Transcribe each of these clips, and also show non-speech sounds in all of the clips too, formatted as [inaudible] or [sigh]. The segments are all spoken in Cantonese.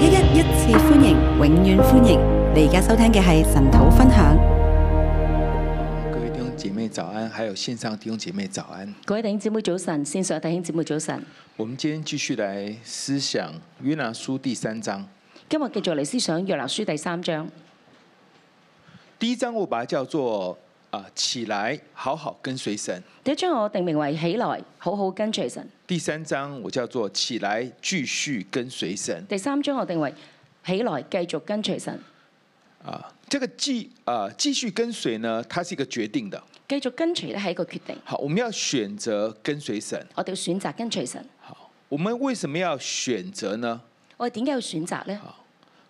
一一一次歡迎，永遠歡迎！你而家收聽嘅係神討分享。各位弟兄姐妹早安，還有線上弟兄姐妹早安。各位弟兄姐妹早晨，線上弟兄姐妹早晨。我們今天繼續來思想約拿書第三章。今日繼續嚟思想約拿書第三章。第一章我把它叫做。啊！起來，好好跟隨神。第一章我定名為起來，好好跟隨神。第三章我叫做起來，繼續跟隨神。第三章我定為起來，繼續跟隨神。啊，這個繼啊繼續跟隨呢，它是一個決定的。繼續跟隨咧係一個決定。好，我們要選擇跟隨神。我哋要選擇跟隨神。好，我們為什麼要選擇呢？我哋點解要選擇呢？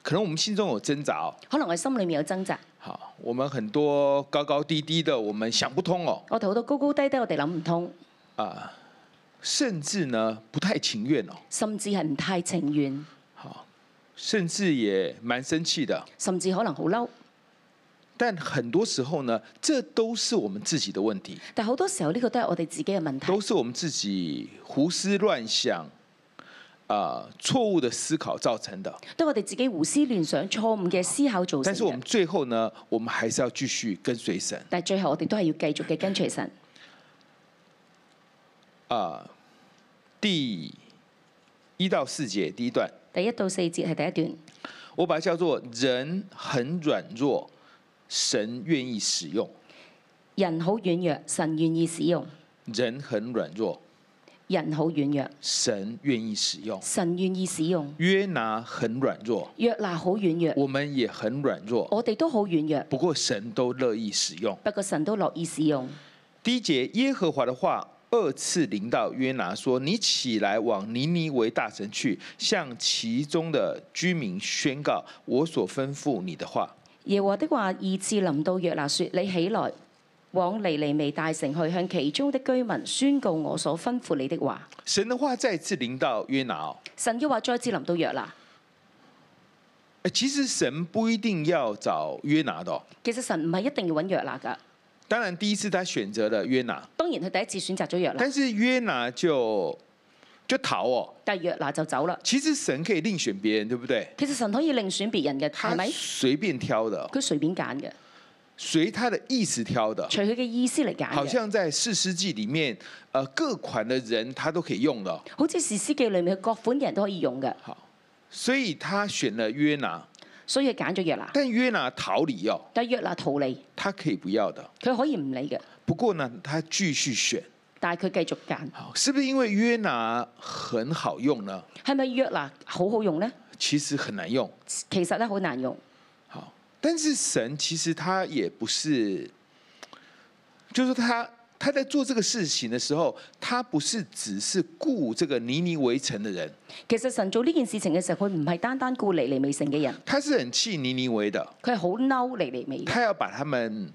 可能我們心中有掙扎。可能我心裏面有掙扎。好，我們很多高高低低的，我們想不通哦。我哋好多高高低低，我哋諗唔通。啊，甚至呢，不太情願哦。甚至係唔太情願。好，甚至也蠻生氣的。甚至可能好嬲。但很多時候呢，這都是我們自己的問題。但好多時候呢，個都係我哋自己嘅問題。都是我們自己胡思亂想。啊，錯誤的思考造成的，對我哋自己胡思亂想、錯誤嘅思考造成。但是我們最後呢，我們還是要繼續跟隨神。但最後我哋都係要繼續嘅跟隨神。啊，第一到四節第一段，第一到四節係第一段。我把它叫做人很軟弱，神願意使用。人好軟弱，神願意使用。人很軟弱。人好軟弱，神願意使用。神願意使用。約拿很軟弱，約拿好軟弱。我們也很軟弱，我哋都好軟弱。不過神都樂意使用。不過神都樂意使用。第一節耶和華的話二次臨到約拿，說：你起來往尼尼微大城去，向其中的居民宣告我所吩咐你的話。耶和華的話二次臨到約拿，說：你起來。往尼尼微大城去，向其中的居民宣告我所吩咐你的話。神的話再次臨到約拿。神嘅話再次臨到約拿。誒，其實神不一定要找約拿的。其實神唔係一定要揾約拿噶。當然第一次他選擇了約拿。當然佢第一次選擇咗約拿。但是約拿就就逃哦。但約拿就走啦。其實神可以另選別人，對不對？其實神可以另選別人嘅，係咪？隨便挑的。佢隨便揀嘅。隨他的意思挑的，隨佢嘅意思嚟揀，好像在《士師記》裏面，呃，各款的人他都可以用的，好似《士師記》裏面各款嘅人都可以用嘅。好，所以他選了約拿，所以揀咗約拿，但約拿逃離要，但約拿逃離，他可以不要的，佢可以唔理嘅。不過呢，他繼續選，但係佢繼續揀，好，是不是因為約拿很好用呢？係咪約拿好好用呢？其實很難用，其實咧好難用。但是神其實他也不是，就是他他在做這個事情的時候，他不是只是顧這個尼尼微城的人。其實神做呢件事情的時候，他唔係單單顧尼尼微城嘅人。他是很氣尼尼微的，佢係好嬲尼尼微，他要把他們。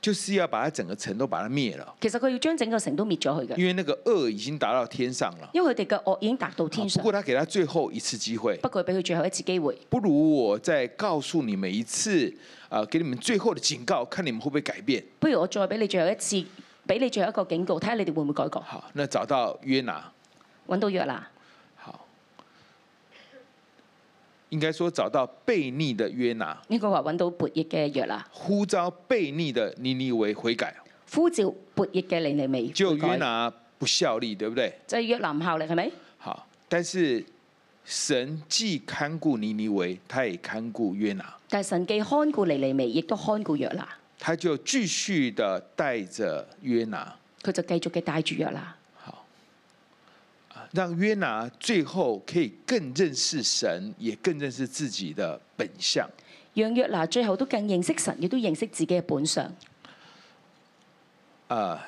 就是要把它整個城都把它滅了。其實佢要將整個城都滅咗佢嘅。因為那個惡已經達到天上了。因為佢哋嘅惡已經達到天上。不過，他給他最後一次機會。不過俾佢最後一次機會。不如我再告訴你們一次，啊，給你們最後的警告，看你們會唔會改變。不如我再俾你最後一次，俾你最後一個警告，睇下你哋會唔會改過。好，那找到約拿，揾到約拿。應該說找到悖逆的約拿，應該話揾到悖逆嘅約拿，呼召悖逆嘅尼尼微悔改，呼召悖逆嘅尼尼微。就約拿不效力，對不對？即係約拿唔效力，係咪？好，但是神既看顧尼尼微，他也看顧約拿。但係神既看顧尼尼微，亦都看顧約拿。他就繼續的帶着約拿，佢就繼續嘅帶住約拿。讓約拿最後可以更認識神，也更認識自己的本相。讓約拿最後都更認識神，亦都認識自己嘅本相。啊、uh，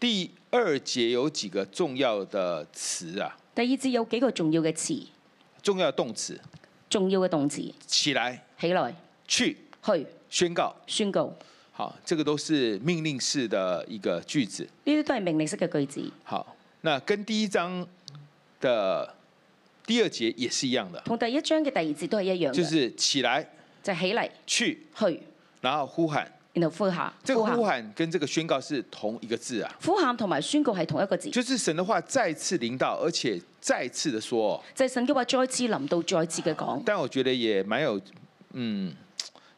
第二節有幾個重要嘅詞啊？第二節有幾個重要嘅詞？重要動詞。重要嘅動詞。起來。起來。去。去。宣告。宣告。這個都是命令式的一個句子。呢啲都係命令式嘅句子。好，那跟第一章的第二節也是一樣的。同第一章嘅第二節都係一樣。就是起來。就起嚟。去去，然後呼喊。然後呼喊。這個呼喊跟這個宣告是同一個字啊？呼喊同埋宣告係同一個字。就是神的話再次臨到，而且再次的說。就係、是、神嘅話再次臨到，再次嘅講。但係我覺得也蠻有，嗯。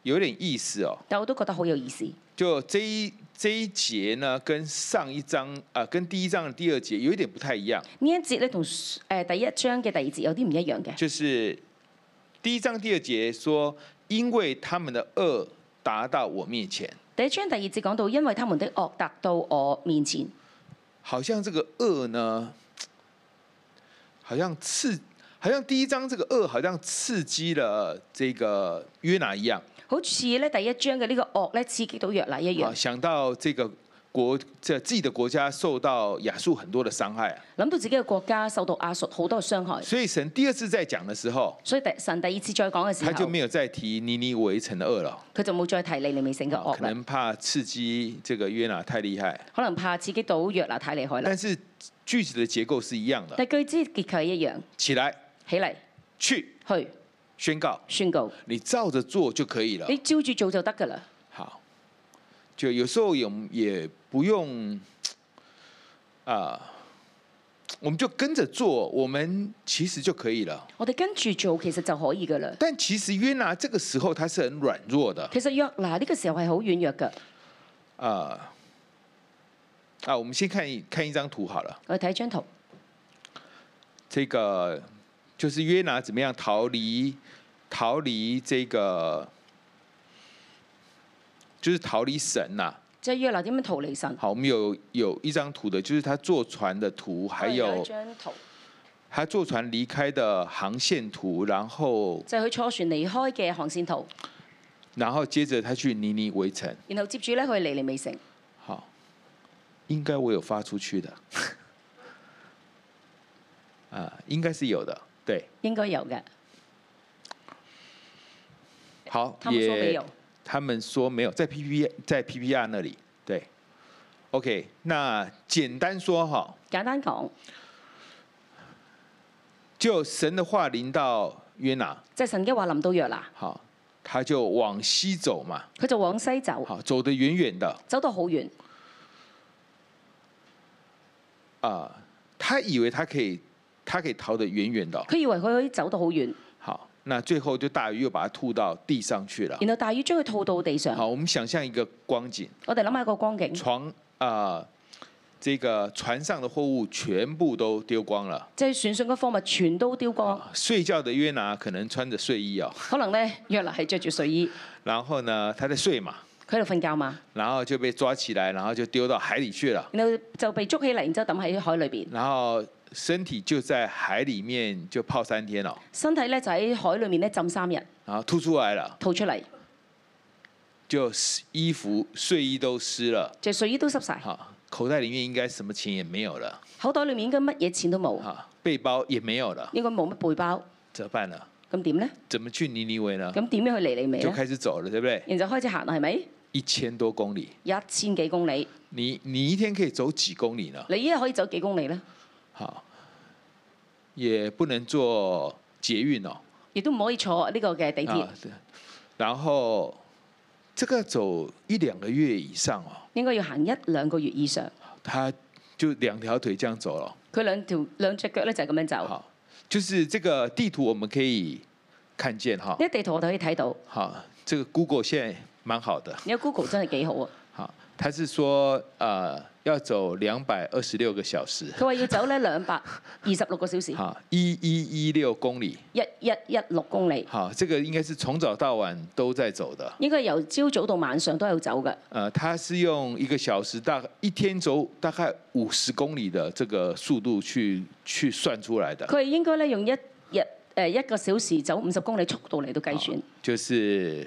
有點意思哦，但我都覺得好有意思。就這一這一節呢，跟上一章啊、呃，跟第一章的第二節有一點不太一樣。呢一節呢，同誒第一章嘅第二節有啲唔一樣嘅。就是第一章第二節說，因為他們的惡達到我面前。第一章第二節講到，因為他們的惡達到我面前。好像這個惡呢，好像刺，好像第一章這個惡，好像刺激了這個約拿一樣。好似咧第一章嘅呢個惡咧刺激到約拿一樣。想到這個國，即係自己的國家受到亞述很多嘅傷害啊。諗到自己嘅國家受到亞述好多嘅傷害。所以神第二次再講嘅時候。所以神第二次再講嘅時候。他就沒有再提尼尼微城嘅惡啦。佢就冇再提尼尼微城嘅惡。可能怕刺激這個約拿太厲害。可能怕刺激到約拿太厲害啦。但是句子的結構是一樣的，但句子結構係一樣。起來，起嚟，去，去。宣告宣告，你照着做就可以了。你照着做就得㗎喇。好，就有時候也也不用，啊、呃，我們就跟着做，我們其實就可以了。我哋跟住做其實就可以㗎喇。但其實約拿這個時候他是很軟弱的。其實約拿呢個時候係好軟弱嘅。啊、呃，啊，我們先看一看一張圖好了。我睇一張圖，這個。就是約拿怎麼樣逃離逃離這個，就是逃離神吶。這約拿點樣逃離神？好，我們有有一張圖的，就是他坐船的圖，還有他坐船離開的航綫圖，然後。就佢坐船離開嘅航綫圖。然後接着他去尼尼圍城。然後接住咧，佢尼尼圍城。好，應該我有發出去的，啊，應該是有的。對應該有嘅，好，他們說沒有，他們說沒有，在 P P 在 P P R 那裏，對，OK，那簡單說哈，簡單講，就神的話臨到約拿，即、就是、神嘅話臨到約拿，好，他就往西走嘛，他就往西走，好，走得遠遠的，走到好遠，啊、呃，他以為他可以。他可以逃得遠遠的。佢以為佢可以走得好遠。好，那最後就大魚又把他吐到地上去了。然後大魚將佢吐到地上。好，我們想象一個光景。我哋諗下一個光景。船啊，這個船上的貨物全部都丟光了。即係船上的貨物全都丟光。睡覺的約拿可能穿着睡衣哦。可能呢約拿係着住睡衣。然後呢，他在睡嘛。佢喺度瞓覺嘛。然後就被抓起來，然後就丟到海裏去了。然後就被捉起嚟，然之後抌喺海裏邊。然身體就在海裏面就泡三天咯、哦，身體咧就喺海裏面咧浸三日，啊吐出來了，吐出嚟，就衣服睡衣都濕了，就睡衣都濕晒，口袋裏面應該什麼錢也沒有了，口袋裏面應該乜嘢錢都冇、啊，背包也沒有了，應該冇乜背包，怎麼辦呢？咁點呢？怎麼去你尼尼維呢？咁點樣去尼尼維？就開始走了，對不對？然後就開始行啦，係咪？一千多公里，一千幾公，公里，你你一天可以走幾公里呢？你一日可以走幾公里呢？好，也不能坐捷運哦。亦都唔可以坐呢個嘅地鐵、哦，對。然後，這個走一兩個月以上哦。應該要行一兩個月以上。他就兩條腿這樣走咯。佢兩條兩隻腳呢，就咁樣走。好，就是這個地圖我們可以看見哈、哦。呢個地圖我都可以睇到。好，這個 Google 現在蠻好的。呢個 Google 真係幾好啊。好，它是說，呃。要走兩百二十六個小時。佢話要走咧兩百二十六個小時。嚇 [laughs] 一一一六公里。一一一六公里。好，這個應該是從早到晚都在走的。應該由朝早到晚上都有走嘅。呃，他是用一個小時大概一天走大概五十公里的這個速度去去算出來的。佢係應該咧用一日誒、呃、一個小時走五十公里速度嚟到計算。就是。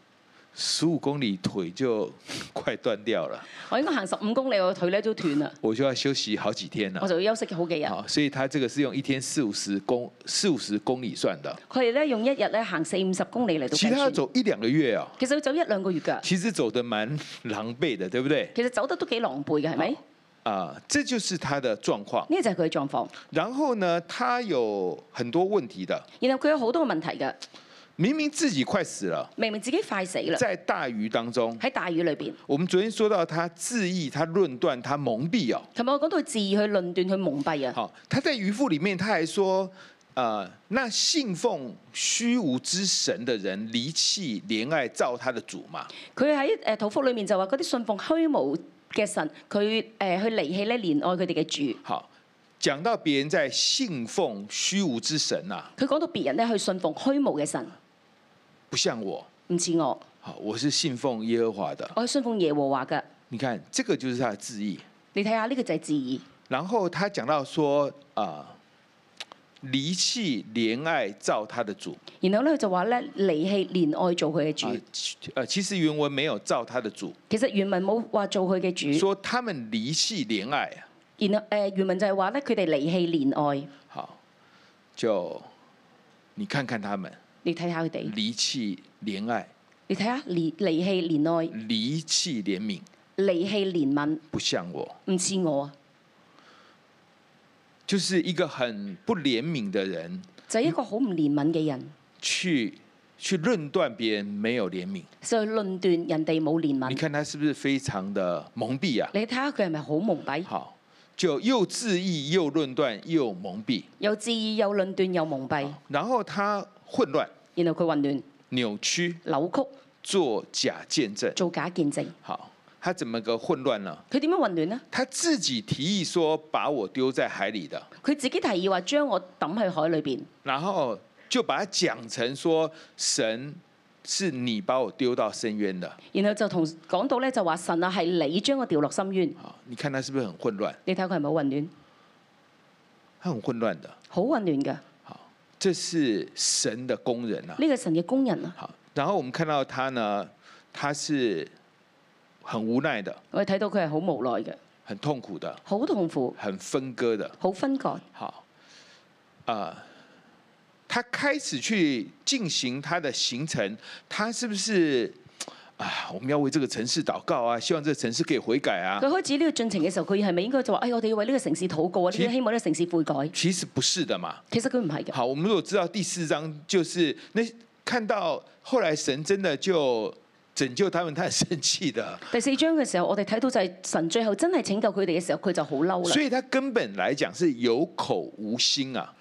十五公里腿就快斷掉了，我應該行十五公里，我腿咧都斷啦。我就要休息好幾天啦，我就要休息好幾日。所以他這個是用一天四五十公四五十公里算的。佢哋咧用一日咧行四五十公里嚟到。其實要走一兩個月啊、哦。其實要走一兩個月噶、哦。其實走得蠻狼狽的，對不對？其實走得都幾狼狽嘅，係咪？啊、呃，這就是他的狀況。呢就係佢嘅狀況。然後呢，他有很多問題的。然後佢有好多問題嘅。明明自己快死了，明明自己快死了，在大魚當中，喺大魚裏邊，我們昨天說到他自意、他論斷、他蒙蔽啊。同我講到自意、去論斷、去蒙蔽啊。好，他在漁夫裏面，他還說：誒、呃，那信奉虛無之神的人離棄，離棄憐愛造他的主嘛？佢喺誒《土福》裏面就話嗰啲信奉虛無嘅神，佢誒、呃、去離棄咧憐愛佢哋嘅主。好，講到別人在信奉虛無之神啊，佢講到別人呢去信奉虛無嘅神。不像我，唔似我，好，我是信奉耶和華的，我信奉耶和華嘅。你看，這個就是他的旨意。你睇下呢個就係旨意。然後他講到說啊，離棄憐愛造他的主。然後咧佢就話咧，離棄憐愛做佢嘅主、啊、主。其實原文沒有造他的主。其實原文冇話做佢嘅主。說他們離棄憐愛啊。然後誒、呃，原文就係話咧，佢哋離棄憐愛。好，就你看看他們。你睇下佢哋，離棄憐愛。你睇下，離離棄憐愛。離棄憐憫。離棄憐憫。不像我，唔似我啊，就是一個很不憐憫嘅人。就係一個好唔憐憫嘅人，去去論斷別人沒有憐憫。所以論斷人哋冇憐憫。你看他是不是非常的蒙蔽啊？你睇下佢係咪好蒙蔽？好，就又質疑又論斷又蒙蔽，又質疑又論斷又蒙蔽。然後他，混亂，然後佢混亂，扭曲、扭曲，做假見證，做假見證。好，他怎麼個混亂呢？佢點樣混亂呢？他自己提議說把我丟在海裡的，佢自己提議話將我抌去海裏邊，然後就把他講成說神是你把我丟到深淵的，然後就同講到咧就話神啊係你將我掉落深淵。啊，你看他是不是很混亂？你睇佢係咪好混亂？他很混亂的，好混亂嘅。這是神的工人吶、啊，這個神的工人吶、啊。好，然後我們看到他呢，他是很無奈的。我哋睇到佢係好無奈嘅。很痛苦的。好痛苦。很分割的。好分割。好，啊、呃，他開始去進行他的行程，他是不是？啊！我們要為這個城市禱告啊，希望這個城市可以悔改啊。佢開始呢個進程嘅時候，佢係咪應該就話，哎，我哋要為呢個城市禱告啊，呢希望呢個城市悔改。其實不是的嘛。其實佢唔係嘅。好，我們如果知道第四章，就是那看到後來神真的就拯救他們，他很生氣的。第四章嘅時候，我哋睇到就係神最後真係拯救佢哋嘅時候，佢就好嬲啦。所以，他根本來講是有口無心啊。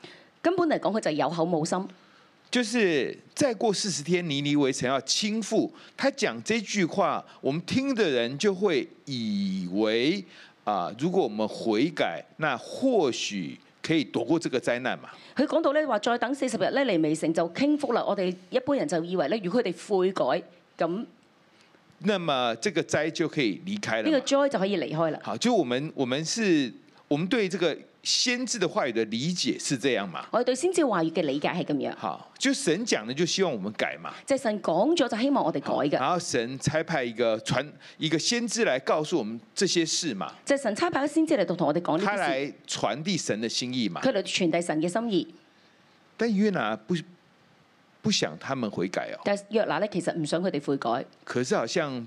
根本嚟講，佢就係有口冇心。就是再過四十天，尼尼微城要傾覆。他講這句話，我們聽的人就會以為啊、呃，如果我們悔改，那或許可以躲過這個災難嘛。佢講到咧話，再等四十日咧，尼尼微城就傾覆啦。我哋一般人就以為咧，如果佢哋悔改，咁，那麼這個災就可以離開了。呢、這個災就可以離開啦。好，就我們我們是我們對這個。先知的話語的理解是這樣嘛？我哋對先知話語嘅理解係咁樣。好，就神講呢，就希望我們改嘛。即係神講咗就希望我哋改嘅。然後神差派一個傳一個先知來告訴我們這些事嘛。即係神差派咗先知嚟到同我哋講呢啲事。他來傳遞神的心意嘛？佢嚟傳遞神嘅心意。但約拿不不想他們悔改哦。但約拿咧，其實唔想佢哋悔改。可是好像。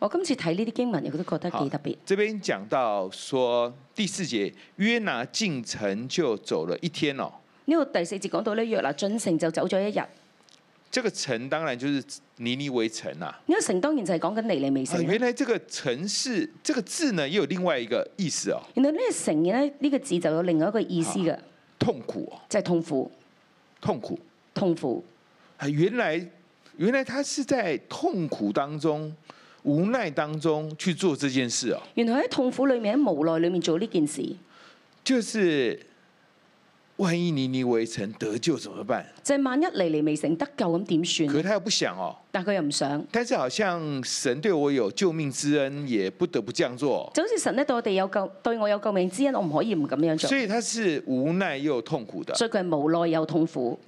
我今次睇呢啲經文，我都覺得幾特別。這邊講到說第四節，約拿進城就走了一天哦。呢個第四節講到咧，約拿進城就走咗一日。這個城當然就是尼尼微城啦。呢個城當然就係講緊尼尼微城。原來這個城字，這個字呢，又有另外一個意思哦。原來呢個城咧呢個字就有另外一個意思嘅，痛苦。即係痛苦，痛苦，痛苦。啊，原來原來他是在痛苦當中。無奈當中去做這件事啊、哦！原來喺痛苦裏面，喺無奈裏面做呢件事，就是萬一你離未成得救怎麼辦？就是，萬一離離未成得救咁點算？佢又不想哦，但佢又唔想。但是好像神對我有救命之恩，也不得不這樣做。就好似神咧對我哋有救，對我有救命之恩，我唔可以唔咁樣做。所以他是無奈又痛苦的，所以佢係無奈又痛苦。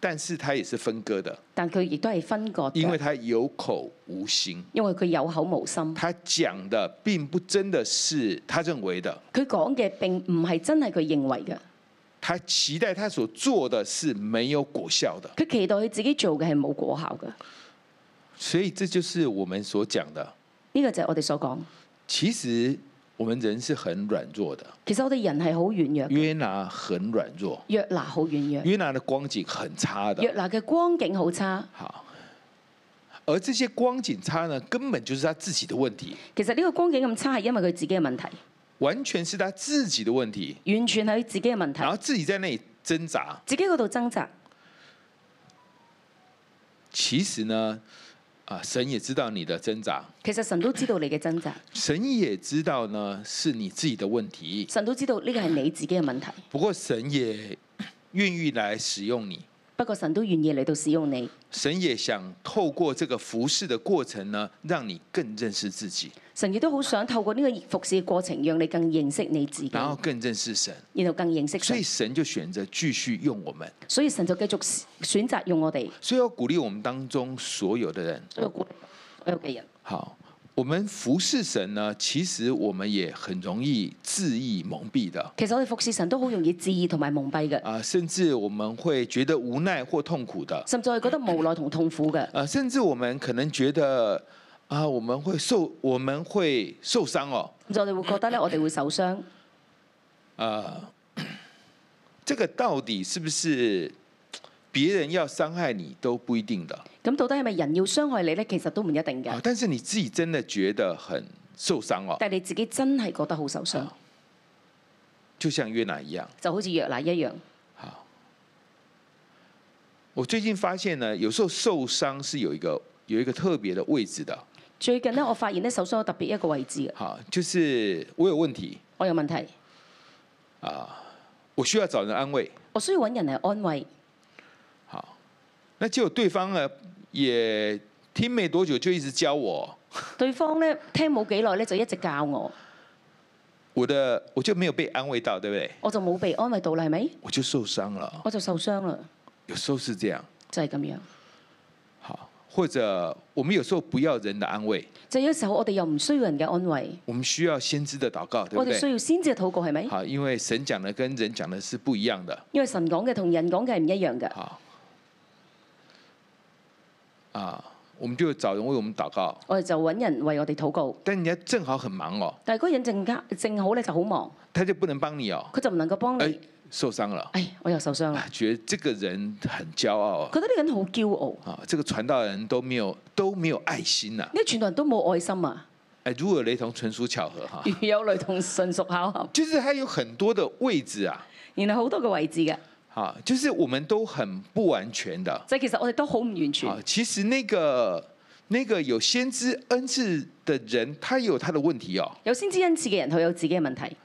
但是他也是分割的，但佢亦都係分割，因為他有口無心，因為佢有口無心，他講的並不真的是他認為的，佢講嘅並唔係真係佢認為嘅，他期待他所做的是沒有果效的，佢期待佢自己做嘅係冇果效嘅，所以這就是我們所講的，呢個就係我哋所講，其實。我們人是很軟弱的。其實我哋人係好軟弱。約拿很軟弱。約拿好軟弱。約拿的光景很差的。約拿嘅光景好差。好。而這些光景差呢，根本就是他自己的問題。其實呢個光景咁差，係因為佢自己嘅問題。完全係他自己的問題。完全係自己嘅問題。然後自己在那裏掙扎。自己嗰度掙扎。其實呢？啊！神也知道你的掙扎，其實神都知道你嘅掙扎。神也知道呢，是你自己的問題。神都知道呢個係你自己嘅問題。不過神也願意來使用你。不過神都願意嚟到使用你。神也想透過這個服侍的過程呢，讓你更認識自己。神亦都好想透過呢個服侍的過程，讓你更認識你自己，然後更認識神，然後更認識。所以神就選擇繼續用我們。所以神就繼續選擇用我哋。所以我鼓勵我們當中所有的人，所有鼓勵，所有嘅人。好。我們服侍神呢，其實我們也很容易自意蒙蔽的。其實我哋服侍神都好容易自意同埋蒙蔽嘅。啊，甚至我們會覺得無奈或痛苦的。甚至係覺得無奈同痛苦嘅。啊，甚至我們可能覺得啊，我們會受我們會受傷哦。就我哋會覺得呢，我哋會受傷。啊、呃，這個到底是不是？別人要傷害你都不一定的。咁到底係咪人要傷害你呢？其實都唔一定嘅、啊。但是你自己真的覺得很受傷哦、啊。但係你自己真係覺得好受傷、啊，就像約拿一樣。就好似約拿一樣、啊。我最近發現呢，有時候受傷是有一個有一個特別的位置的。最近呢，我發現呢受傷特別一個位置、啊、就是我有問題。我有問題。啊、我需要找人安慰。我需要揾人嚟安慰。那結果對方呢，也聽沒多久就一直教我。對方呢聽冇幾耐呢就一直教我。我的我就沒有被安慰到，對不對？我就冇被安慰到啦，係咪？我就受傷了。我就受傷了。有時候是這樣。就係、是、咁樣。好，或者我們有時候不要人的安慰。就是有時候我哋又唔需要人嘅安慰。我們需要先知的禱告，對唔對？我哋需要先知嘅禱告，係咪？好，因為神講的跟人講的是不一樣的。因為神講嘅同人講嘅係唔一樣嘅。好。啊，我們就找人為我們禱告，我哋就揾人為我哋禱告。但人家正好很忙哦。但係人正正好咧就好忙，他就不能幫你哦，佢就唔能夠幫你。呃、受傷啦？哎，我又受傷啦。覺得這個人很驕傲，覺得呢個人好驕傲啊。這個傳道人都沒有都沒有愛心啊。呢啲傳道人都冇愛心啊？哎、呃，如有雷同純屬巧合哈。如有雷同純屬巧合，其實、就是、他有很多的位置啊，原來好多嘅位置嘅。啊，就是我們都很不完全的。所以其實我哋都好唔完全。啊，其實那個那個有先知恩賜的人，他有他的問題哦。有先知恩賜嘅人，他有自己嘅問題。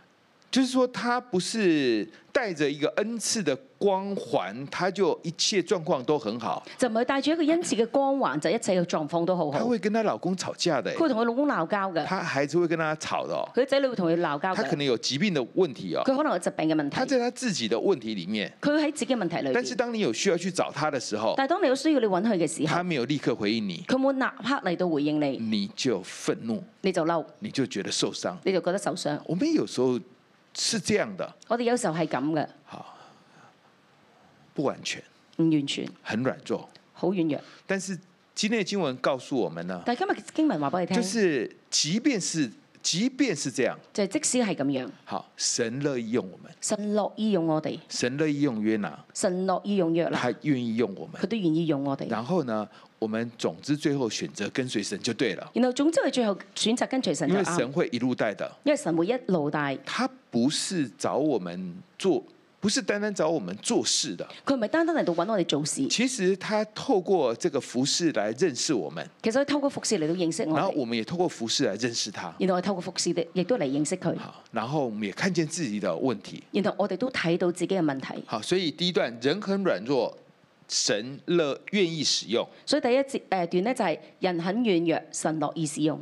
就是說，他不是帶着一個恩賜的。光環，他就一切狀況都很好。就唔係帶住一個恩賜嘅光環，就一切嘅狀況都好好。他會跟他老公吵架嘅。佢會同佢老公鬧交嘅。他孩子會跟他吵嘅。佢仔女會同佢鬧交。他可能有疾病嘅問題啊。佢可能有疾病嘅問題。他在他自己的問題裏面。佢喺自己嘅問題裏面。但是當你有需要去找他的時候，但係當你有需要你搵佢嘅時候，他沒有立刻回應你。佢冇立刻嚟到回應你。你就憤怒，你就嬲，你就覺得受傷，你就覺得受傷。我們有時候是這樣的。我哋有時候係咁嘅。好。不完全，唔完全，很軟弱，好軟弱。但是今日經文告訴我們呢，但今日經文話俾你聽，就是即便是即便是這樣，就即使係咁樣，好，神樂意用我們，神樂意用我哋，神樂意用約拿，神樂意用約拿，他願意用我們，佢都願意用我哋。然後呢，我們總之最後選擇跟隨神就對了。然後總之係最後選擇跟隨神，因為神會一路帶的，因為神會一路帶。他不是找我們做。不是單單找我們做事的，佢唔係單單嚟到揾我哋做事。其實他透過這個服侍來認識我們，其實他透過服侍嚟到認識我，然後我們也透過服侍嚟認識他，然後我透過服侍亦都嚟認識佢。然後我們也看見自己的問題，然後我哋都睇到自己嘅問題。好，所以第一段人很軟弱，神樂願意使用。所以第一節誒段呢，就係人很軟弱，神樂意使用。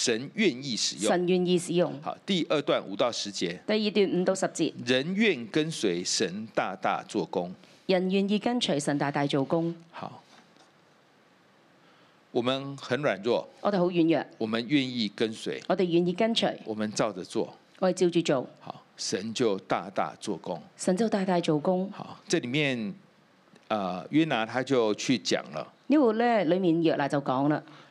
神願意使用，神願意使用。好，第二段五到十節。第二段五到十節。人願跟隨神大大做工。人願意跟隨神大大做工。好，我們很軟弱，我哋好軟弱。我們願意跟隨，我哋願意跟隨。我們照着做，我哋照住做。好，神就大大做工，神就大大做工。好，這裏面，呃，約拿他就去講了，呢個呢裏面約拿就講了。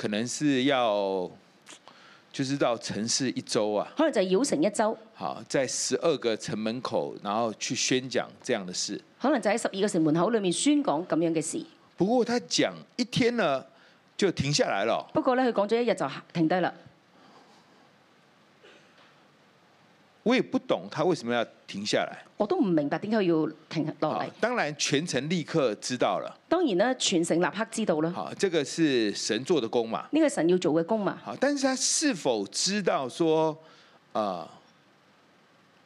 可能是要，就是到城市一周啊，可能就繞城一周。好，在十二個城門口，然後去宣講這樣的事。可能就喺十二個城門口裏面宣講咁樣嘅事。不過，他講一天呢，就停下來了。不過咧，佢講咗一日就停低啦。我也不懂他為什麼要停下來。我都唔明白點解要停落嚟。當然全程立刻知道了。當然呢，全程立刻知道啦。好，這個是神做的功嘛？呢、這個神要做嘅功嘛？好，但是他是否知道說，啊，呃，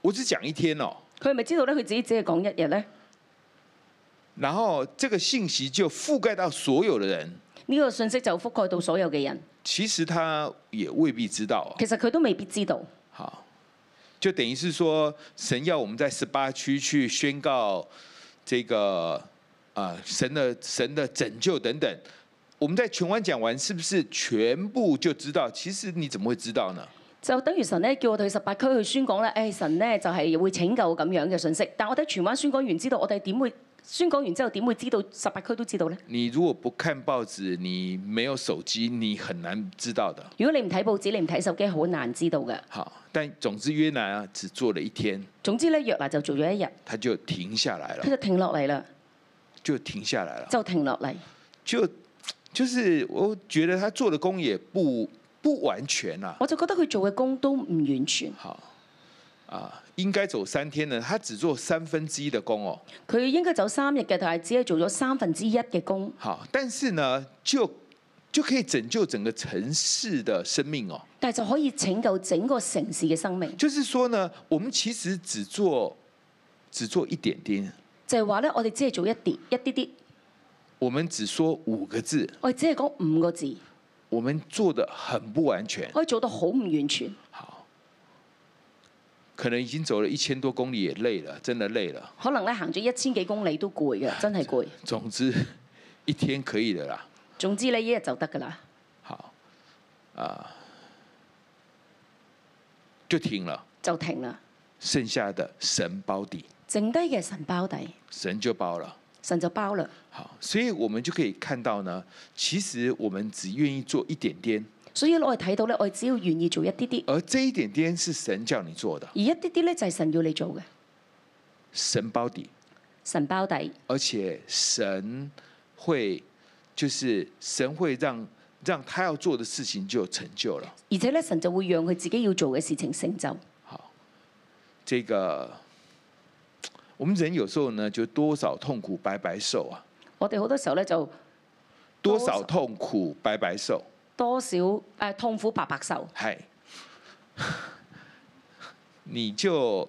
我只講一天哦。佢係咪知道咧？佢自己只係講一日咧。然後這，這個信息就覆蓋到所有的人。呢個信息就覆蓋到所有嘅人。其實他也未必知道哦。其實佢都未必知道。好。就等於是說，神要我們在十八區去宣告這個啊、呃、神的神的拯救等等。我們在荃灣講完，是不是全部就知道？其實你怎麼會知道呢？就等於神呢，叫我哋去十八區去宣講咧。誒、哎，神呢，就係、是、會拯救咁樣嘅信息。但我哋荃灣宣講完，知道我哋點會？宣講完之後點會知道十八區都知道呢？你如果不看報紙，你沒有手機，你很難知道的。如果你唔睇報紙，你唔睇手機，好難知道嘅。但總之約拿啊，只做了一天。總之咧，約拿就做咗一日。他就停下來了。他就停落嚟啦。就停下來了。就停落嚟。就就是，我覺得他做的工也不不完全啦、啊。我就覺得佢做嘅工都唔完全。啊，應該走三天呢，他只做三分之一的工哦。佢應該走三日嘅，但係只係做咗三分之一嘅工。哈，但是呢，就就可以拯救整個城市的生命哦。但係就可以拯救整個城市嘅生命。就是說呢，我們其實只做只做一點點。就係話咧，我哋只係做一啲一啲啲。我們只說五個字。我哋只係講五個字。我們做得很不完全。我做得好唔完全。可能已經走了一千多公里也累了，真的累了。可能咧行咗一千幾公里都攰嘅，真係攰。總之，一天可以嘅啦。總之咧一日就得嘅啦。好，啊，就停了。就停啦。剩下的神包底。剩低嘅神包底。神就包了。神就包了。好，所以我們就可以看到呢，其實我們只願意做一點點。所以我哋睇到咧，我哋只要願意做一啲啲，而這一點點是神叫你做的，而一啲啲咧就係神要你做嘅。神包底，神包底，而且神會，就是神會讓讓他要做的事情就有成就了，而且咧神就會讓佢自己要做嘅事情成就。好，這個，我們人有時候呢就多少痛苦白白受啊。我哋好多時候咧就多少，多少痛苦白白受？多少誒、呃、痛苦白白受？係， [laughs] 你就。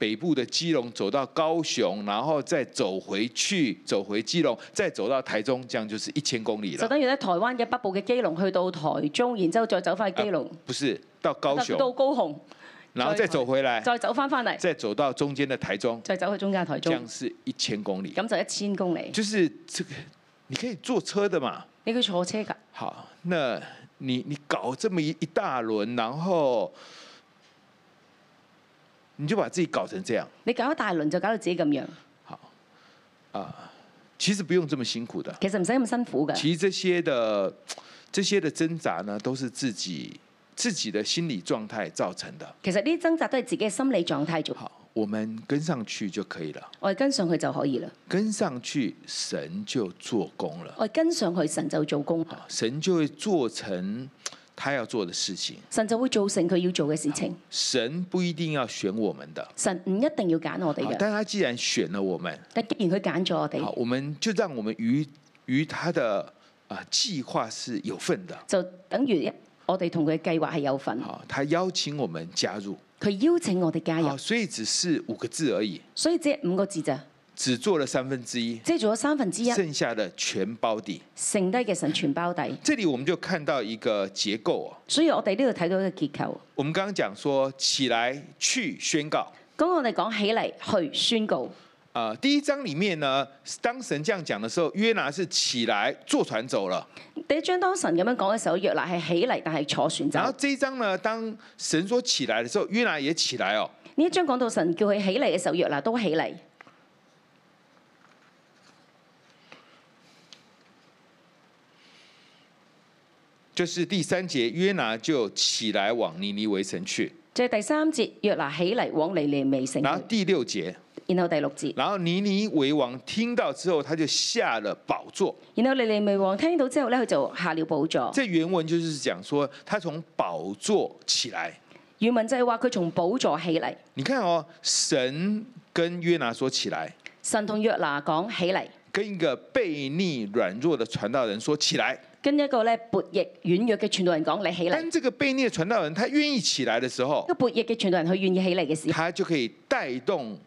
北部的基隆走到高雄，然後再走回去，走回基隆，再走到台中，這樣就是一千公里啦。就等於咧，台灣嘅北部嘅基隆去到台中，然之後再走翻基隆。啊、不是到高雄。到高雄，然後再走回來。再走翻翻嚟。再走到中間的台中。再走去中間台中。這樣是一千公里。咁就一千公里。就是、這個、你可以坐車的嘛？你可以坐車㗎。好，那你你搞咁樣一一大輪，然後。你就把自己搞成這樣，你搞一大輪就搞到自己咁樣。好，啊，其實不用這麼辛苦的。其實唔使咁辛苦嘅。其實這些的，這些的掙扎呢，都是自己自己的心理狀態造成的。其實呢啲掙扎都係自己嘅心理狀態做。好，我們跟上去就可以了。我哋跟上去就可以啦。跟上去，神就做功了。我哋跟上去，神就做功。神就會做成。他要做的事情，神就會做成佢要做嘅事情。神不一定要選我們的，神唔一定要揀我哋嘅。但係他既然選了我們，但既然佢揀咗我哋，好，我們就讓我們與與他的啊計劃是有份的，就等於我哋同佢計劃係有份。好，他邀請我們加入，佢邀請我哋加入，所以只是五個字而已。所以只係五個字咋。只做了三分之一，即係做咗三分之一，剩下的全包底，剩低嘅，神全包底。這裏我們就看到一個結構哦，所以我哋呢度睇到一個結構。我們剛剛講說起來去宣告，咁我哋講起嚟去宣告。啊，第一章裏面呢，當神這樣講的時候，約拿是起來坐船走了。第一章當神咁樣講嘅時候，約拿係起嚟，但係坐船走。然後這一章呢，當神說起來嘅時候，約拿也起來哦。呢一章講到神叫佢起嚟嘅時候，約拿都起嚟。就是第三節，約拿就起來往尼尼微城去。這、就是、第三節，約拿起嚟往尼尼微城。然後第六節，然後第六節，然後尼尼微王聽到之後，他就下了寶座。然後尼尼微王聽到之後呢，佢就下了寶座。這個、原文就是講說，他從寶座起來。原文就係話，佢從寶座起嚟。你看哦，神跟約拿說起來，神同約拿講起嚟，跟一個悖逆軟弱的傳道人說起來。跟一個咧悖逆軟弱嘅傳道人講，你起嚟。當這個悖逆傳道人，他願意起來的時候，個悖逆嘅傳道人，佢願意起嚟嘅時候，他就可以帶動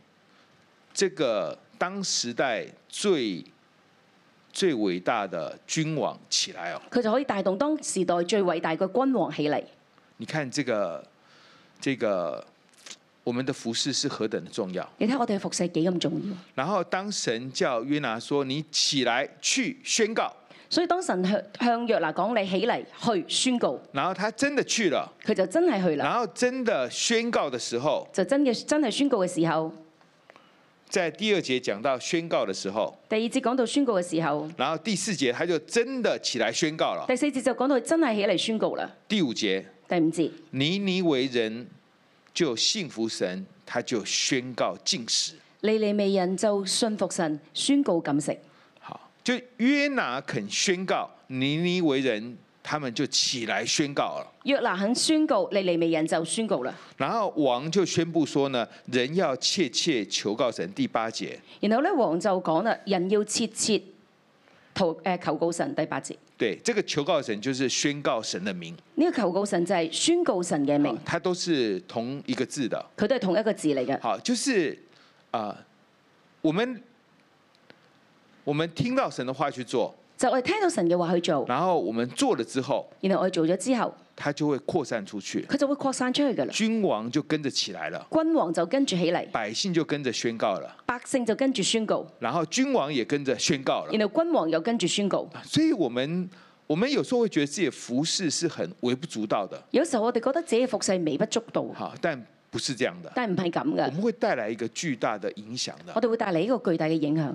這個當時代最最偉大的君王起來哦。佢就可以帶動當時代最偉大嘅君王起嚟。你看這個這個我們的服侍是何等的重要？你睇我哋嘅服侍幾咁重要？然後當神叫約拿說：你起來去宣告。所以當神向向約拿講，你起嚟去宣告，然後他真的去了，佢就真係去啦。然後真的宣告嘅時候，就真嘅真係宣告嘅時候，在第二節講到宣告嘅時候，第二節講到宣告嘅時候，然後第四節他就真的起來宣告啦。第四節就講到真係起嚟宣告啦。第五節，第五節，尼尼微人就信服神，他就宣告禁食。尼尼微人就信服神，宣告禁食。就約拿肯宣告，尼尼微人，他們就起來宣告了。約拿肯宣告，尼尼微人就宣告啦。然後王就宣佈說呢，人要切切求告神第八節。然後呢，王就講啦，人要切切求誒求告神第八節。對，這個求告神就是宣告神的名。呢、這個求告神就係宣告神嘅名。佢都是同一個字的，佢都係同一個字嚟嘅。好，就是啊、呃，我們。我們聽到神的話去做，就我哋聽到神嘅話去做，然後我們做了之後，然後我哋做咗之後，它就會擴散出去，佢就會擴散出去㗎喇。君王就跟着起來了，君王就跟住起嚟，百姓就跟着宣告了，百姓就跟住宣告，然後君王也跟着宣告了，然後君王又跟住宣告。所以我們我們有時候會覺得自己服侍是很微不足道的，有時候我哋覺得自己服侍微不足道，好，但不是這樣的，但唔係咁嘅。我們會帶來一個巨大的影響的，我哋會帶來一個巨大嘅影響。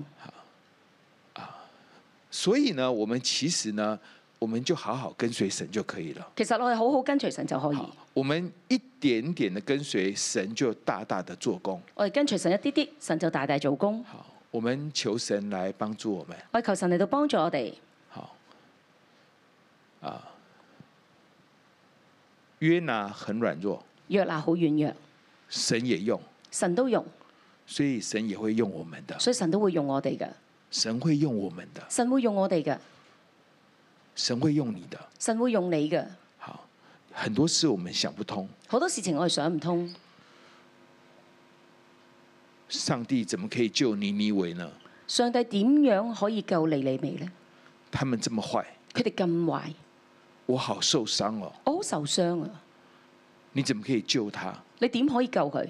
所以呢，我們其實呢，我們就好好跟隨神就可以了。其實我哋好好跟隨神就可以。我們一點點的跟隨神，神就大大的做工。我哋跟隨神一啲啲，神就大大做工。好，我們求神來幫助我們。我們求神嚟到幫助我哋。好。啊，約拿、啊、很軟弱，約拿好軟弱，神也用，神都用，所以神也會用我們的，所以神都會用我哋嘅。神會用我們的，神會用我哋嘅，神會用你的，神會用你嘅。好，很多事我們想不通，好多事情我係想唔通。上帝怎麼可以救尼尼微呢？上帝點樣可以救尼尼微呢？他們這麼壞，佢哋咁壞，我好受傷哦，我好受傷啊！你怎麼可以救他？你點可以救佢？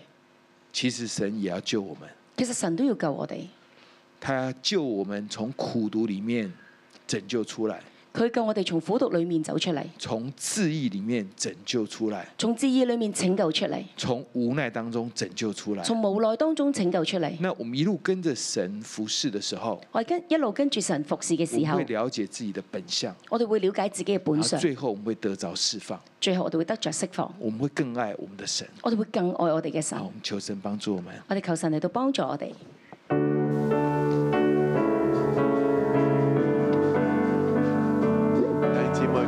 其實神也要救我們，其實神都要救我哋。他救我們從苦毒裏面拯救出來，佢救我哋從苦毒裏面走出嚟，從自義裏面拯救出來，從自義裏面拯救出嚟，從無奈當中拯救出來，從無奈當中拯救出嚟。那我們一路跟着神服侍的時候，我跟一路跟住神服侍嘅時候，會了解自己的本相。我哋會了解自己嘅本相，後最後我們會得着釋放。最後我哋會得着釋放，我們會更愛我們的神。我哋會更愛我哋嘅神。好，求神幫助我們。我哋求神嚟到幫助我哋。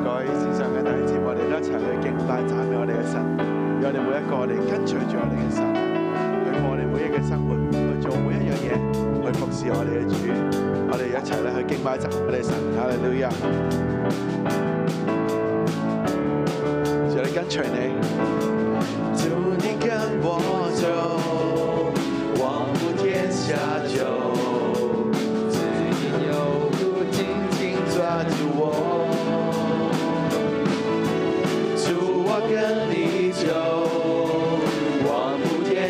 各位線上嘅弟兄姊妹，我哋一齊去敬拜讚美我哋嘅神，讓我哋每一個嚟跟隨住我哋嘅神，去過我哋每一個生活，去做每一樣嘢，去服侍我哋嘅主。我哋一齊咧去敬拜讚美我哋神啊！阿主啊，求你跟隨你，主你跟我走。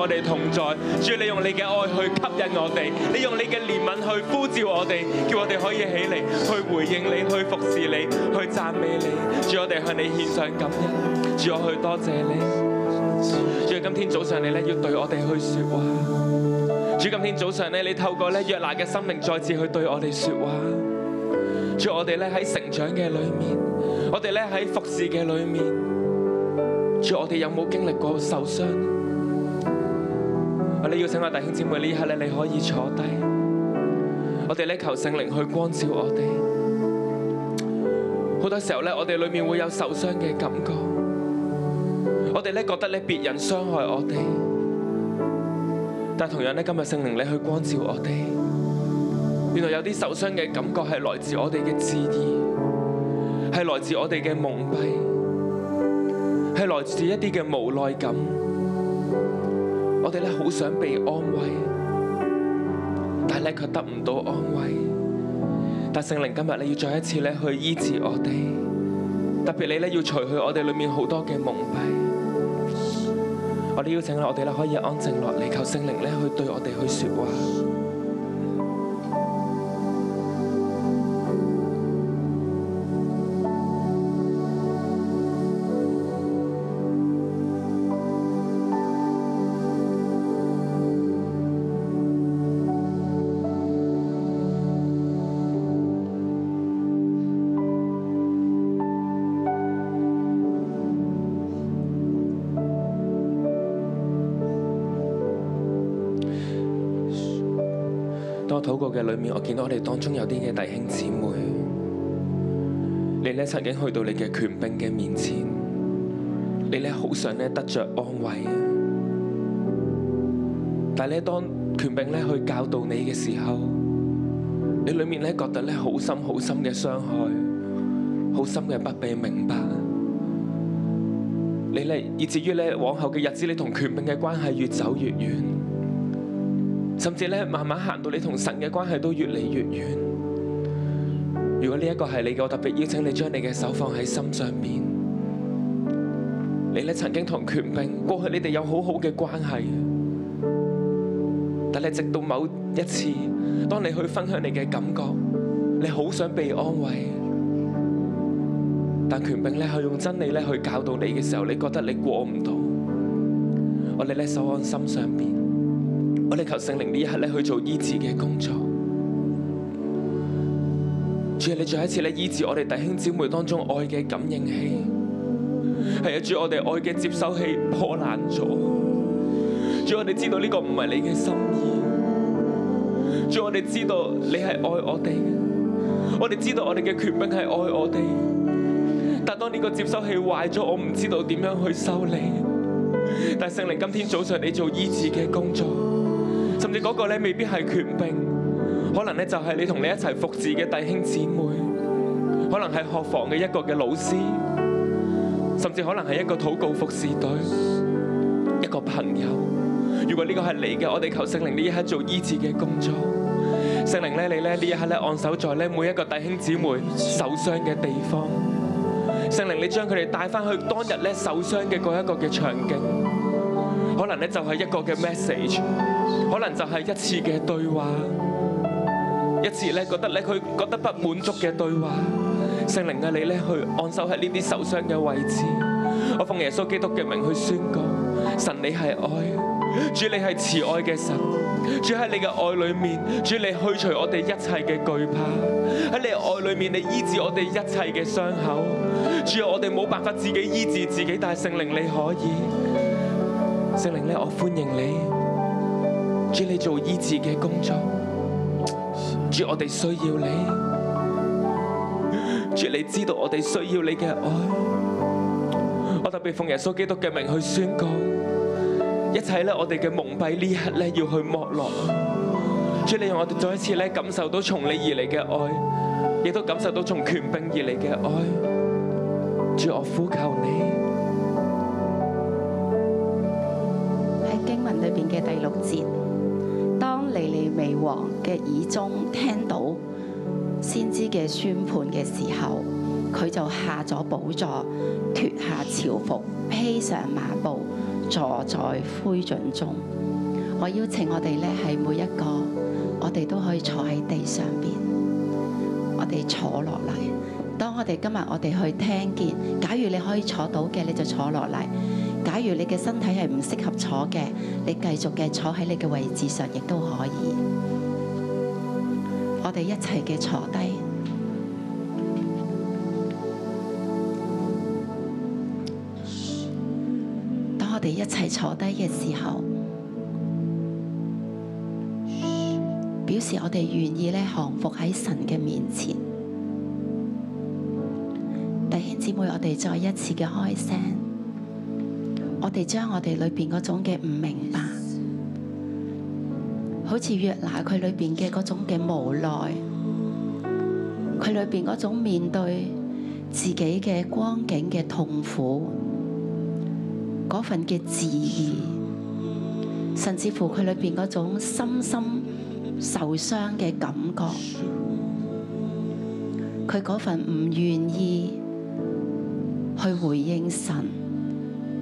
我哋同在，主你用你嘅愛去吸引我哋，你用你嘅憐憫去呼召我哋，叫我哋可以起嚟去回應你，去服侍你，去讚美你。主我哋向你獻上感恩，主我去多謝你。主今天早上你咧要對我哋去說話，主今天早上咧你透過咧約拿嘅生命再次去對我哋說話。主我哋咧喺成長嘅裏面，我哋咧喺服侍嘅裏面，主我哋有冇經歷過受傷？我哋邀請我弟兄姐妹呢刻咧，你可以坐低。我哋咧求聖靈去光照我哋。好多時候咧，我哋裏面會有受傷嘅感覺。我哋咧覺得咧別人傷害我哋，但同樣咧，今日聖靈你去光照我哋，原來有啲受傷嘅感覺係來自我哋嘅自意，係來自我哋嘅蒙蔽，係來自一啲嘅無奈感。我哋咧好想被安慰，但係咧卻得唔到安慰。但聖靈今日你要再一次咧去醫治我哋，特別你咧要除去我哋裏面好多嘅蒙蔽。我哋邀請我哋咧可以安靜落嚟，求聖靈咧去對我哋去說話。裏面我見到我哋當中有啲嘅弟兄姊妹，你呢曾經去到你嘅權柄嘅面前，你呢好想呢得着安慰，但係呢當權柄呢去教導你嘅時候，你裏面呢覺得呢好深好深嘅傷害，好深嘅不被明白，你呢，以至於呢往後嘅日子你同權柄嘅關係越走越遠。甚至咧，慢慢行到你同神嘅關係都越嚟越遠。如果呢一個係你嘅，我特別邀請你將你嘅手放喺心上面。你咧曾經同權柄過去，你哋有好好嘅關係。但係直到某一次，當你去分享你嘅感覺，你好想被安慰，但權柄咧係用真理咧去教導你嘅時候，你覺得你過唔到。我哋咧手按心上邊。我哋求聖靈呢一刻咧去做醫治嘅工作，主啊，你再一次嚟醫治我哋弟兄姊妹當中愛嘅感應器，係啊，主，我哋愛嘅接收器破爛咗，主，我哋知道呢個唔係你嘅心意，主，我哋知道你係愛我哋，我哋知道我哋嘅權柄係愛我哋，但當呢個接收器壞咗，我唔知道點樣去修理，但聖靈今天早上你做醫治嘅工作。甚至嗰個咧未必係權柄，可能咧就係你同你一齊服侍嘅弟兄姊妹，可能係學房嘅一個嘅老師，甚至可能係一個禱告服侍隊，一個朋友。如果呢個係你嘅，我哋求聖靈，呢一刻做醫治嘅工作。聖靈咧，你咧呢一刻咧按手在呢每一個弟兄姊妹受傷嘅地方，聖靈你將佢哋帶翻去當日咧受傷嘅嗰一個嘅場景，可能咧就係一個嘅 message。可能就係一次嘅對話，一次咧覺得咧佢覺得不滿足嘅對話，聖靈啊，你咧去按手喺呢啲受傷嘅位置，我奉耶穌基督嘅名去宣告，神你係愛，主你係慈愛嘅神，主喺你嘅愛裏面，主你去除我哋一切嘅懼怕，喺你嘅愛裏面你醫治我哋一切嘅傷口，主要我哋冇辦法自己醫治自己，但係聖靈你可以，聖靈咧我歡迎你。主你做醫治嘅工作，主我哋需要你，主你知道我哋需要你嘅愛。我特別奉耶穌基督嘅名去宣告，一切咧我哋嘅蒙蔽呢刻咧要去剝落。主你讓我哋再一次咧感受到從你而嚟嘅愛，亦都感受到從權柄而嚟嘅愛。主我呼求你喺經文裏邊嘅第六節。當尼尼微王嘅耳中聽到先知嘅宣判嘅時候，佢就下咗寶座，脱下朝服，披上麻布，坐在灰燼中。我邀請我哋咧，係每一個，我哋都可以坐喺地上邊，我哋坐落嚟。當我哋今日我哋去聽見，假如你可以坐到嘅，你就坐落嚟。假如你嘅身體係唔適合坐嘅，你繼續嘅坐喺你嘅位置上亦都可以。我哋一齊嘅坐低。當我哋一齊坐低嘅時候，表示我哋願意咧降服喺神嘅面前。弟兄姊妹，我哋再一次嘅開聲。我哋將我哋裏面嗰種嘅唔明白，好似約拿佢裏面嘅嗰種嘅無奈，佢裏面嗰種面對自己嘅光景嘅痛苦，嗰份嘅自意，甚至乎佢裏面嗰種深深受傷嘅感覺，佢嗰份唔願意去回應神。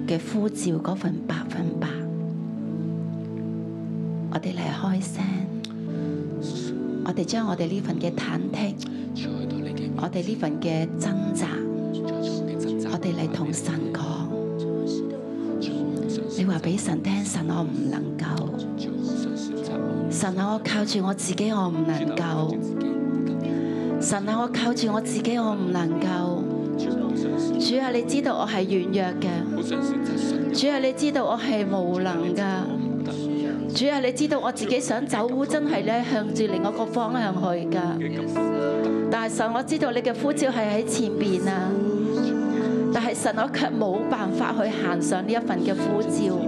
嘅呼召份百分百，我哋嚟開聲，我哋將我哋呢份嘅忐忑，我哋呢份嘅掙扎，我哋嚟同神講，你話俾神聽，神我唔能夠，神啊我靠住我自己我唔能夠，神啊我靠住我自己我唔能夠，能夠能夠主啊你知道我係軟弱嘅。主啊，你知道我係無能噶，主啊，你知道我自己想走，真係咧向住另外一個方向去噶。但係神，我知道你嘅呼召係喺前邊啊，但係神，我卻冇辦法去行上呢一份嘅呼召。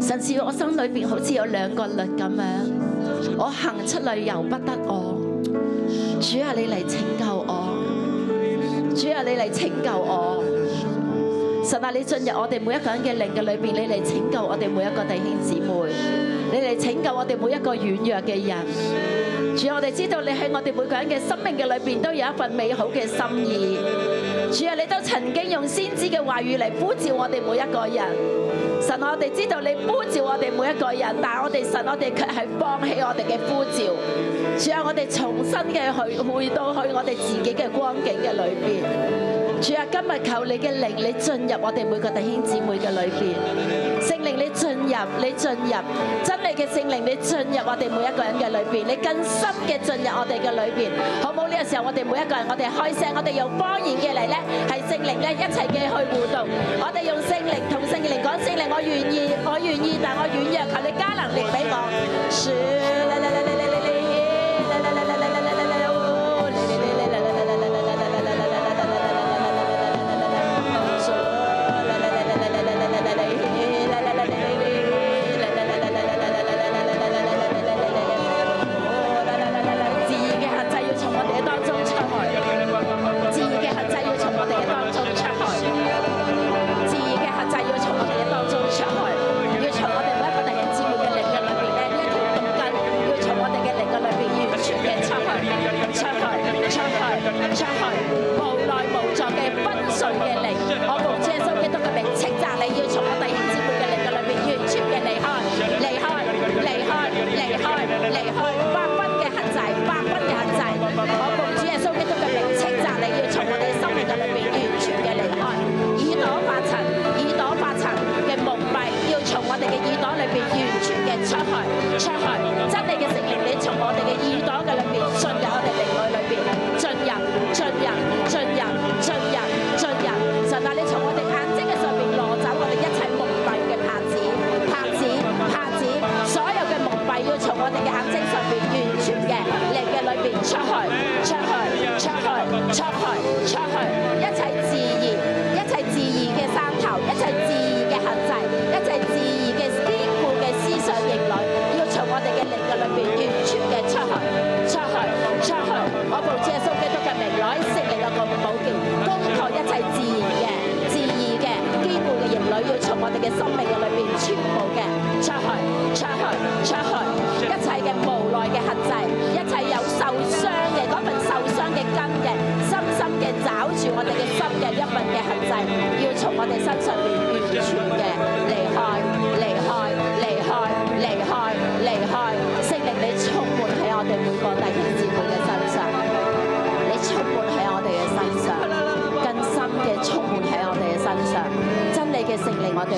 甚至我心裏邊好似有兩個律咁樣，我行出嚟由不得我。主啊，你嚟拯救我！主啊，你嚟拯救我！神啊，你進入我哋每一個人嘅靈嘅裏邊，你嚟拯救我哋每一個弟兄姊妹，你嚟拯救我哋每一個軟弱嘅人。主啊，我哋知道你喺我哋每個人嘅生命嘅裏邊都有一份美好嘅心意。主啊，你都曾經用先知嘅話語嚟呼召我哋每一個人。神啊，我哋知道你呼召我哋每一個人，但係我哋神，我哋卻係放棄我哋嘅呼召。主啊，我哋重新嘅去回到去我哋自己嘅光景嘅裏邊。主啊，今日求你嘅靈，你進入我哋每個弟兄姊妹嘅裏邊，聖靈你進入，你進入，真理嘅聖靈你進入我哋每一個人嘅裏邊，你更深嘅進入我哋嘅裏邊，好唔好？呢個時候我哋每一個人，我哋開聲，我哋用方言嘅，嚟咧，係聖靈咧一齊嘅去互動，我哋用聖靈同聖靈講聖靈，我願意，我願意，但我軟弱，求你加能力俾我，主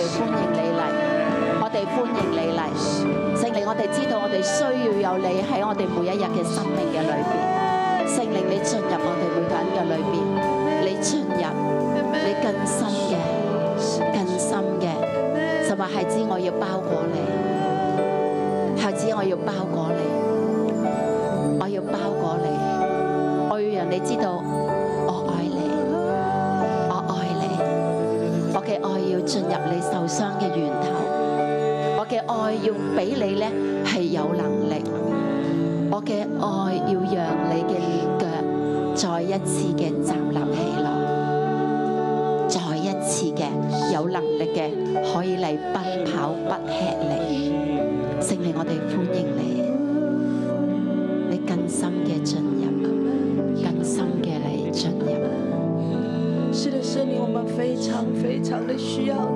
歡迎你嚟，我哋歡迎你嚟。聖靈，我哋知道我哋需要有你喺我哋每一日嘅生命嘅裏邊。聖靈，你進入我哋每個人嘅裏邊。愛要俾你呢，係有能力，我嘅愛要讓你嘅腳再一次嘅站立起來，再一次嘅有能力嘅可以嚟奔跑不吃力，聖靈我哋歡迎你，你更深嘅進入，更深嘅嚟進入。是的，是的，我們非常非常的需要。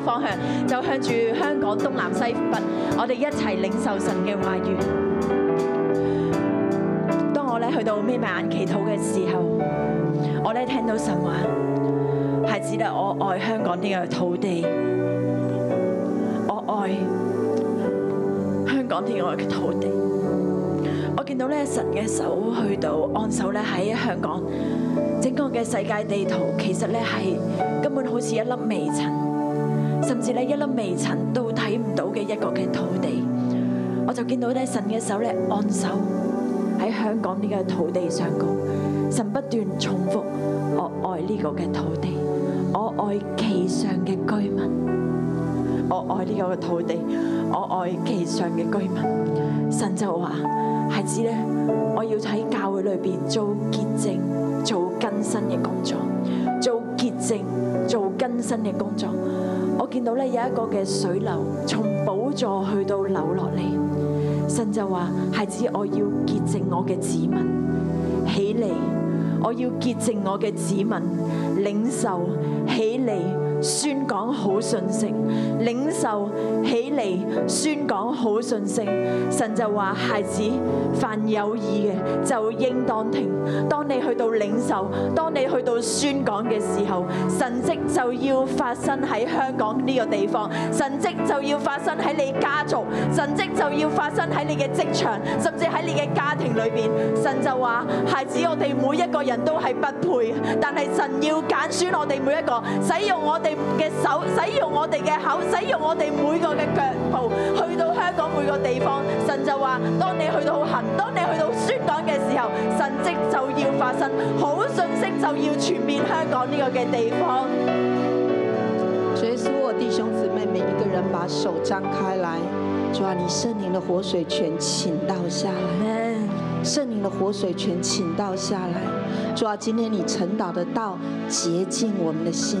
方向就向住香港東南西北，我哋一齊領受神嘅話語。當我咧去到眯埋眼祈禱嘅時候，我咧聽到神話，係指咧，我愛香港呢個土地，我愛香港呢愛嘅土地。我見到咧神嘅手去到按手咧，喺香港整個嘅世界地圖其實咧係根本好似一粒微塵。喺一粒微塵都睇唔到嘅一個嘅土地，我就見到咧神嘅手咧按手喺香港呢個土地上高，神不斷重複我愛呢個嘅土地，我愛其上嘅居民，我愛呢個嘅土地，我愛其上嘅居民。神就話：孩子咧，我要喺教會裏邊做潔淨、做更新嘅工。做更新嘅工作，我見到咧有一個嘅水流從寶座去到流落嚟，神就話：孩子，我要潔淨我嘅子民，起嚟！我要潔淨我嘅子民，領袖起嚟！宣講好信息，領袖起嚟宣講好信息，神就話：孩子，凡有意嘅，就應當聽。當你去到領袖，當你去到宣講嘅時候，神蹟就要發生喺香港呢個地方，神蹟就要發生喺你家族，神蹟就要發生喺你嘅職場，甚至喺你嘅家庭裏邊。神就話：孩子，我哋每一個人都係不配，但係神要揀選我哋每一個，使用我哋。嘅手，使用我哋嘅口，使用我哋每個嘅腳步去到香港每個地方。神就話：當你去到行，當你去到宣講嘅時候，神跡就要發生，好信息就要傳遍香港呢個嘅地方。所以使我弟兄姊妹每一個人把手張開來，主啊，你聖靈的活水全請到下來，聖靈的活水全請到下來，主啊，今天你成導的道潔淨我們的心。